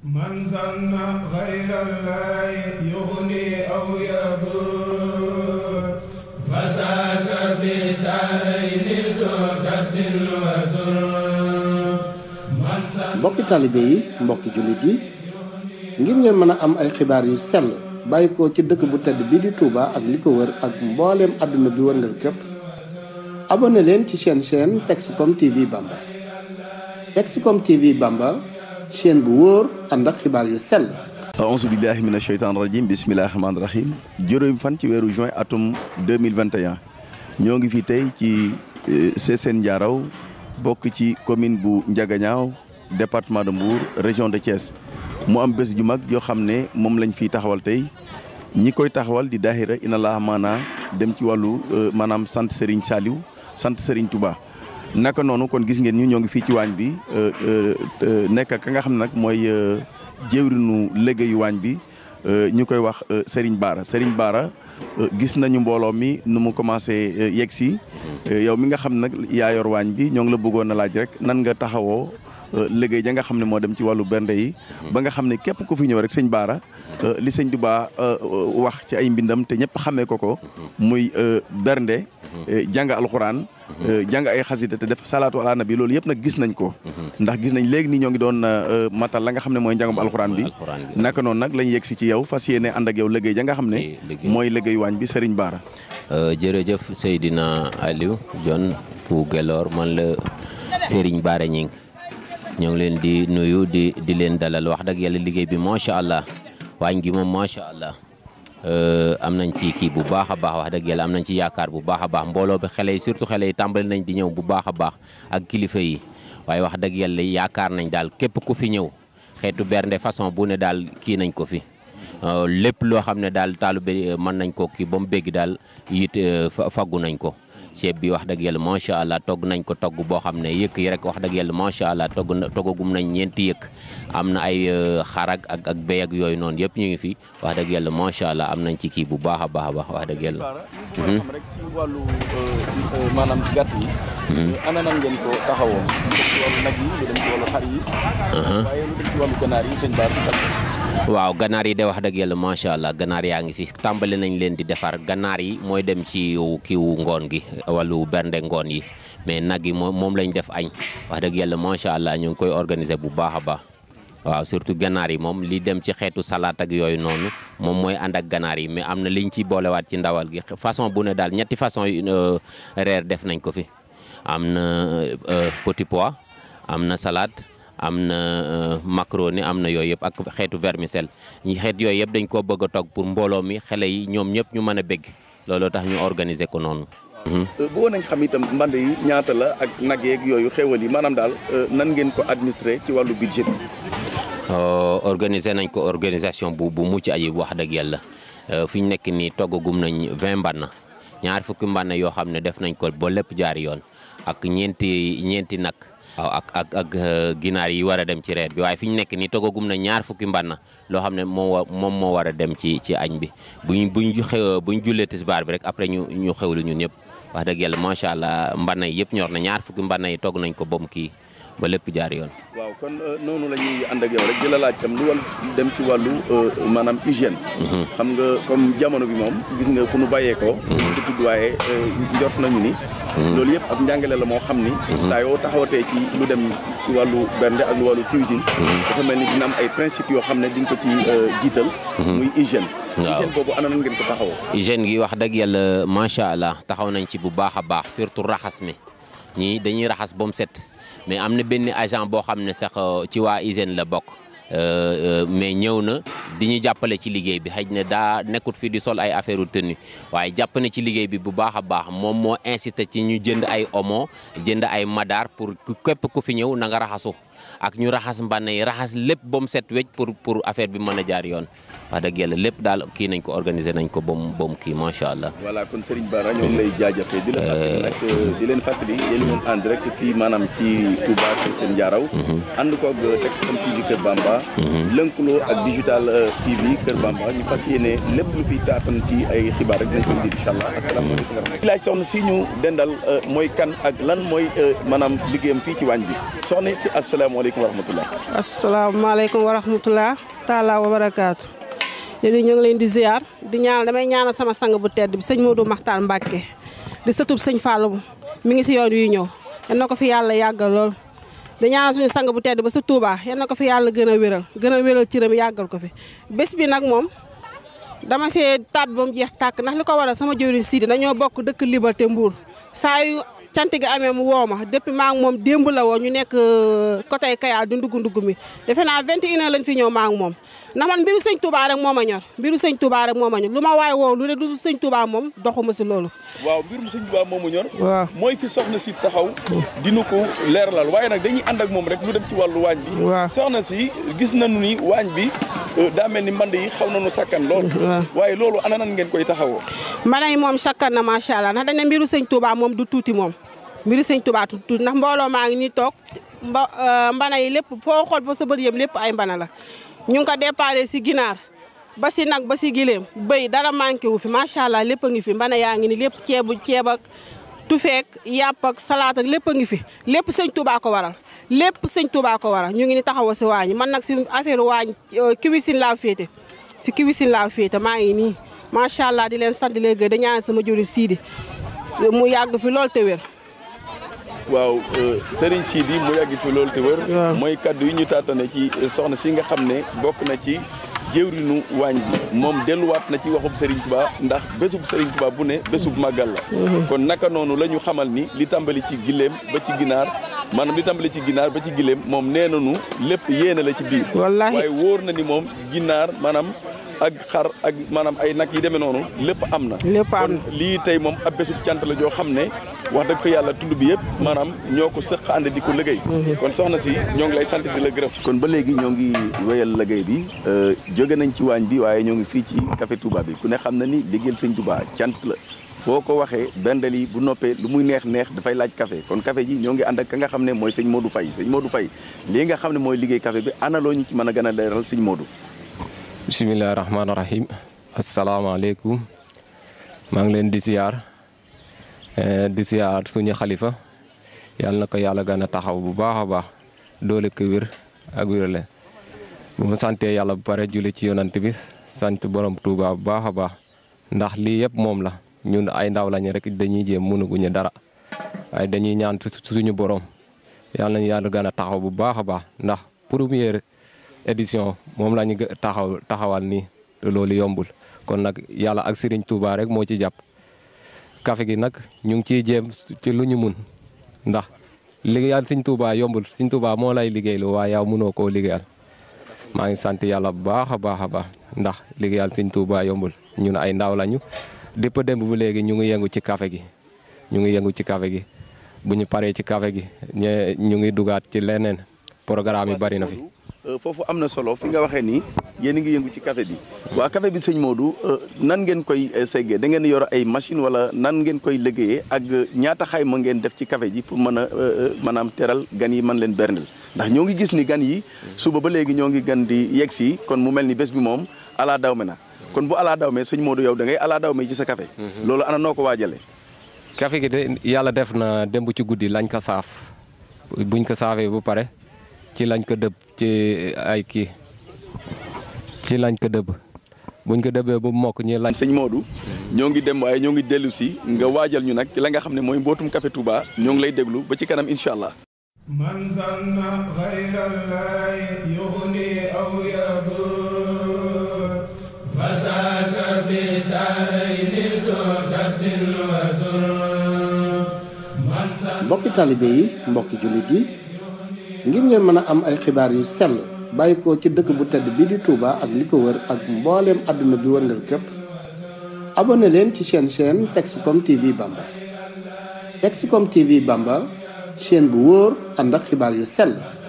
من ظن غير الله يغني أو يضر mbokki taalibe yi mbokki jullit yi ngir ngeen mën a am ay xibaar yu sell bàyyi ko ci dëkk bu tedd bi di Touba ak li ko wër ak mbooleem àdduna bi wërngal képp abonné leen ci seen chaîne Texcom TV Bamba Texcom TV Bamba chaîne bu wóor ànd ak xibaar yu sell. aouzu billahi mina sheytaani rajim bismillahi rahmaani rahim juróom fan ci weeru juin atum deux mille vingt et ñoo ngi fi tey ci eh, Sessène Diaraw bokk ci commune bu Ndiaganiao département de Mbour région de Thiès mu am bés ju mag yoo xam ne moom lañ fiy taxawal tey ñi koy taxawal di daahira inallah maanaa dem ci wàllu eh, maanaam sant Serigne Saliou sant Serigne Touba. naka noonu kon gis ngeen ñu ñoo ngi fii ci waañ bi euh, euh, euh, nekk ka nga xam nag mooy jëwrinu liggéeyu waañ bi ñu koy wax Serigne baara Serigne baara gis nañu mbooloo mi nu mu commencé yegg si yow mi nga xam nag yaa yor waañ bi ñoo ngi la bëggoon a laaj rek nan nga taxawoo Euh, liggéey ja nga xam ne moo dem ci wàllu bernde yi mm-hmm. ba nga xam ne képp ku fi ñëw rek sëñ Baara mm-hmm. euh, li sëñ Touba euh, wax ci ay mbindam te ñëpp xamee ko ko mm-hmm. muy bernde jàng alxuraan jàng ay xasida te def salaatu ala bi loolu yëpp nag gis nañ ko ndax gis nañ léegi ni ñoo ngi doon matal la nga xam ne mooy njàngum alxuraan bi naka noonu nag lañ yegg si ci yow fas yéene ànd ak yow liggéey ja nga xam ne mooy liggéey waañ bi sëriñ Baara jërëjëf Seydina Aliou Dione bu ñoo ngi leen di nuyu di di leen dalal wax dëgg yàlla liggéey bi macha allah waañ gi moom macha allah euh, am nañ ci kii bu baax a baax wax dëgg yàlla am nañ ci yaakaar bu baax a baax mbooloo bi xele yi surtout xele yi tàmbali nañ di ñëw bu baax a baax ak kilifa yi waaye wax dëgg yàlla yaakaar nañ daal képp ku fi ñëw xeetu bernde façon bu ne daal kii nañ ko fi. Euh, lépp loo xam ne daal taalibe euh, mën nañ ko kii ba mu bégg daal it euh, faggu nañ ko ceeb bi wax dëgg yàlla macha allah togg nañ ko togg boo xam ne yëkk yi rek wax dëgg yàlla macha allah togg toggagum nañ ñeenti yëkk am na ay xarag ak ak béy yooyu noonu yëpp ñu ngi fi wax dëgg yàlla macha allah am nañ ci kii bu baax a baax a baax wax dëgg yàlla. Mhm. rek ci yi. Mhm. ana ngeen ko taxawoo. waaw ganaar yi de wax dëgg yàlla macha allah ganaar yaa ngi fi tàmbali nañ leen di defar ganaar yi mooy dem ci kiiwu ngoon gi wàllu bernde ngoon yi mais nag yi moom moom lañ def añ wax dëgg yàlla macha allah ñu ngi koy organiser bu baax a baax waaw surtout ganaar yi moom li dem ci xeetu salaat ak yooyu noonu moom mooy ànd ak ganaar yi mais am na liñ ci boolewaat ci ndawal gi façon bu ne daal ñetti façon euh, reer def nañ ko fi am na euh, euh, petit pois am na salade am na euh, macaroni am na yooyu yëpp ak xeetu vermicelle xeet yooyu yëpp dañ koo bëgg a togg pour mbooloo mi xale yi ñoom ñëpp ñu mën a bégg looloo tax ñu organiser ko noonu. Mhm. Euh, bëggoon nañ xam itam mbànd yi ñaata la ak nag yeeg yooyu xéwal yi maanaam daal euh, nan ngeen ko administré ci wàllu budget bi. nañ ko organisation bu bu mucc ayib wax dëgg yàlla fi ñu nekk nii toggagum nañ vingt mbànn ñaar fukki mbànn yoo xam ne def nañ ko ba lépp jaar yoon ak ñeenti ñeenti nag. waaw ak ak euh, ginaar yi war a dem ci reer bi waaye fi ñu nekk nii togagum na ñaar fukki mbànn loo xam ne moom moo war a dem ci ci añ bi buñ buñ xew buñ jullee tisbaar bi rek après ñu ñu xewlu ñun ñëpp wax dëgg yàlla macha allah mbànn yi yëpp ñor na ñaar fukki mbànn yi togg nañ ko ba mu kii ba lépp jaar yoon. waaw kon euh, noonu la ñuy ànd ak yow rek di laaj tam lu wal dem ci wàllu euh, maanaam hygiène. Mhm. xam nga comme jamono bi moom gis nga fu nu bàyyeekoo. Mhm. waaye njort nañu ni. loolu yëpp ab njàngale la moo xam ni mhm. saa yoo taxawatee ci lu dem ci wàllu bernde ak lu wàllu cuisine mhm. dafa mel ni dina am ay principe yoo xam ne di nga ko ci euh, jiital mhm. muy hygiène waaw hygiène boobu ngeen ko taxawoo hygiène gi wax dëgg yàlla macha allah taxaw nañ ci bu baax a baax surtout raxas mi ñii dañuy raxas ba mu set mais am na benn agent boo xam ne sax euh, ci waa hygiène la bokk Euh, euh, mais ñëw na di ñu jàppale ci liggéey bi xëj na daa nekkut fii di sol ay affaire u tenue waaye jàpp na ci liggéey bi bu baax a baax moom moo insisté ci ñu jënd ay omo jënd ay madaar pour képp ku fi ñëw na nga raxasu ak ñu raxas mbane yi raxas lepp bom set wej pour pour affaire bi mën jaar yoon wax dëgg yàlla lepp dal ki nañ ko organiser nañ ko bom bom ki ma sha allah. wala kon Serigne Bara ñoom lay jaajëfee. di la fàttali euh, di len fatali yeen ñoom en direct fi manam ci Touba seen jaaraw. ak mhm. texte comme TV Keur Bamba. Mhm. lënkaloo ak digital euh, TV Keur Bamba ñu fasiyene lepp lu fi taatan ci ay xibaar rek dinañ ko di inshallah allah alaykum wa rahmatulah. soxna si ñu dendal euh, moy kan ak lan moy manam liggéeyam fi ci wañ bi soxna si assalamu Assalamualaikum warahmatullahi assalamualaikum asalaamaaleykum taala wa barakaatu. ñu ngi leen di ziar di ñaan damay ñaanal sama sang bu tedd bi sëñ Modou Makhtar Mbacke di setup sëñ fallu mi ngi ci yoon yu ñew ñen na ko fi yalla yagal lool. di ñaanal suñu sang bu tedd ba su Touba ñen na ko fi yalla gëna wëral gëna wëral ci reem yagal ko fi bes bi nak mom dama sé tab ba mu jeex tak nak liko wara sama jëwri Sidi dañoo bokk dekk Liberté Mbour sa yu cant gi amee mu woo ma depuis maa moom démb la woo ñu nekk euh, côté Kayal du ndugg ndugg mi defe naa 21h lañu fi ñëw maa ngi moom ndax man mbiru sëñ Touba rek moo ma ñor mbiru sëñ Touba moo ma ñor lu ma waay woo lu ne du sëñ Touba moom doxuma si loolu waaw mbirum sëñ Touba moo ma ñor waaw mooy ci soxna si taxaw dina ko leeralal waaye nag dañuy ànd ak moom rek lu dem ci wàllu waañ bi soxna si gis nañu ni waañ bi Euh, daa mel ni mband yi xaw nañu sakkan lool. waaye loolu ana nan ngeen koy taxawoo. mbana yi moom sakkan na macha allah ndax dañ ne mbiru sëñ Touba moom du tuuti moom mbiru sëñ Touba du tuuti ndax mbooloo maa ngi nii toog mba euh, mbana yi lépp foo xool fa sa bët yëpp lépp ay mbana la ñu ngi ko déparé si ginaar. ba si nag ba si gileem béy dara manqué wu fi macha allah lépp a ngi fi mbana yaa ngi ni lépp ceebu ceeb ak tu fek yap ak salat ak lepp ngi fi lepp seigne Touba ko waral lepp seigne Touba ko waral ñu ngi ni taxaw si waañ man nak ci affaire waañ kiwisin euh, la fété si kiwisin la fété ma ngi ma sha allah di len sant geu da ñaan sama jori Sidi mu yag fi lol te wér waaw euh, Serigne Sidi mu yag fi lol te moy kaddu yi ñu tatane ci soxna si nga xamne bok na ci jëwrinu waañ bi moom delluwaat na ci waxub Serigne Touba ndax bésub Serigne Touba bu ne bésub màggal la mhm. kon naka noonu la ñu xamal ni li tàmbali ci giléem ba ci ginaar maanaam li tàmbali ci ginaar ba ci giléem moom nee nañu lépp yéene la ci biir waaye wóor na ni moom ginaar maanaam ak xar ak maanaam ay nag yi demee noonu lépp am na kon lii tey moom ab bésub cant la joo xam ne wax dëgg fa yàlla tund bi yëpp maanaam ñoo ko sëq ànd di ko liggéey mhm. kon soxna si ñoo ngi lay sant di la gërëm kon ba léegi ñoo ngi wéyal liggéey bi euh, jóge nañ ci waañ bi waaye ñoo ngi fii ci café Touba ku ne xam na ni liggéeyal sëñ baa cant la foo ko waxee bendel yi bu noppee lu muy neex neex dafay laaj kafe kon café ji ñoo ngi ànd ak ka nga xam ne mooy sëñ Modou Faye sëñ Modou Faye lii nga xam ne mooy liggéey bi ana loo ñu ci mën a gën a leeral sëñ Modou bisimilah rahmaani rahim asalaamaaleykum maa ngi leen di ziar eh, di ziar suñu xalifa yàlla na ko yàlla gën a taxaw bu baax a baax doole ko wér ak wérle bu ma santee yàlla bu pare julli ci yonant bi sant borom Touba bu baax a baax ndax lii yëpp moom la ñun ay ndaw lañu rek dañuy jéem mënaguñu dara waaye dañuy ñaan suñu boroom yàlla nañu yàlla gën a taxaw bu baax a baax ndax première. édition mom lañu taxaw taxawal ni loolu yombul kon nag yalla ak Serigne Touba rek mo ci japp café gi nag ñu ngi ci jëm ci luñu mën ndax liggéeyal Serigne Touba yombul Serigne Touba mo lay wa waaye yow munoo koo liggéeyal ma ngi sant yalla bu baaxa a baax ndax Serigne Touba yombul ñun ay ndaw lañu depp demb bu légui ñu ngi yëngu ci café gi ñu ngi yëngu ci café gi buñu paré ci café gi ñu ngi dugaat ci leneen programme yi bari na fi Euh, foofu am na solo fi nga waxee nii yéen a ngi yëngu ci café bi waa café bi sëñ Modou euh, nan ngeen koy euh, seggee da ngeen yor ay machine wala nan ngeen koy liggéeyee ak ñaata xayma ngeen def ci café ji pour mën a maanaam teral gan yi mën leen berndeel ndax ñoo ngi gis ni gan yi suba ba léegi ñoo ngi gan di yegg si kon mu mel ni bés bi moom alaa daw me na kon bu alaa me sëñ Modou yow da ngay alaa daw me ci sa café mhm. loolu ana noo ko waajale café gi de yàlla def na démb ci guddi lañ ko saaf buñ ko saafee bu pare ci lañ ko dëpp ci ay kii ci lañ ko dëbb buñ ko dëbbee bu mokk ñi lañ sëñ Modou ñoo ngi dem waaye ñoo ngi dellu si nga waajal ñu nag la nga xam ne mooy mbootum café Touba ñoo ngi lay déglu ba ci kanam incha allah man zanna xayra mbokki taalibe yi mbokki jullit yi ngir ngeen mën a am ay xibaar yu sell bàyyi ko ci dëkk bu tedd bii di Touba ak li ko wër ak mbooleem àdduna bi wërngal képp abonne leen ci seen chaîne Texcom TV Bamba Texcom TV Bamba chaîne bu wóor ànd ak xibaar yu sell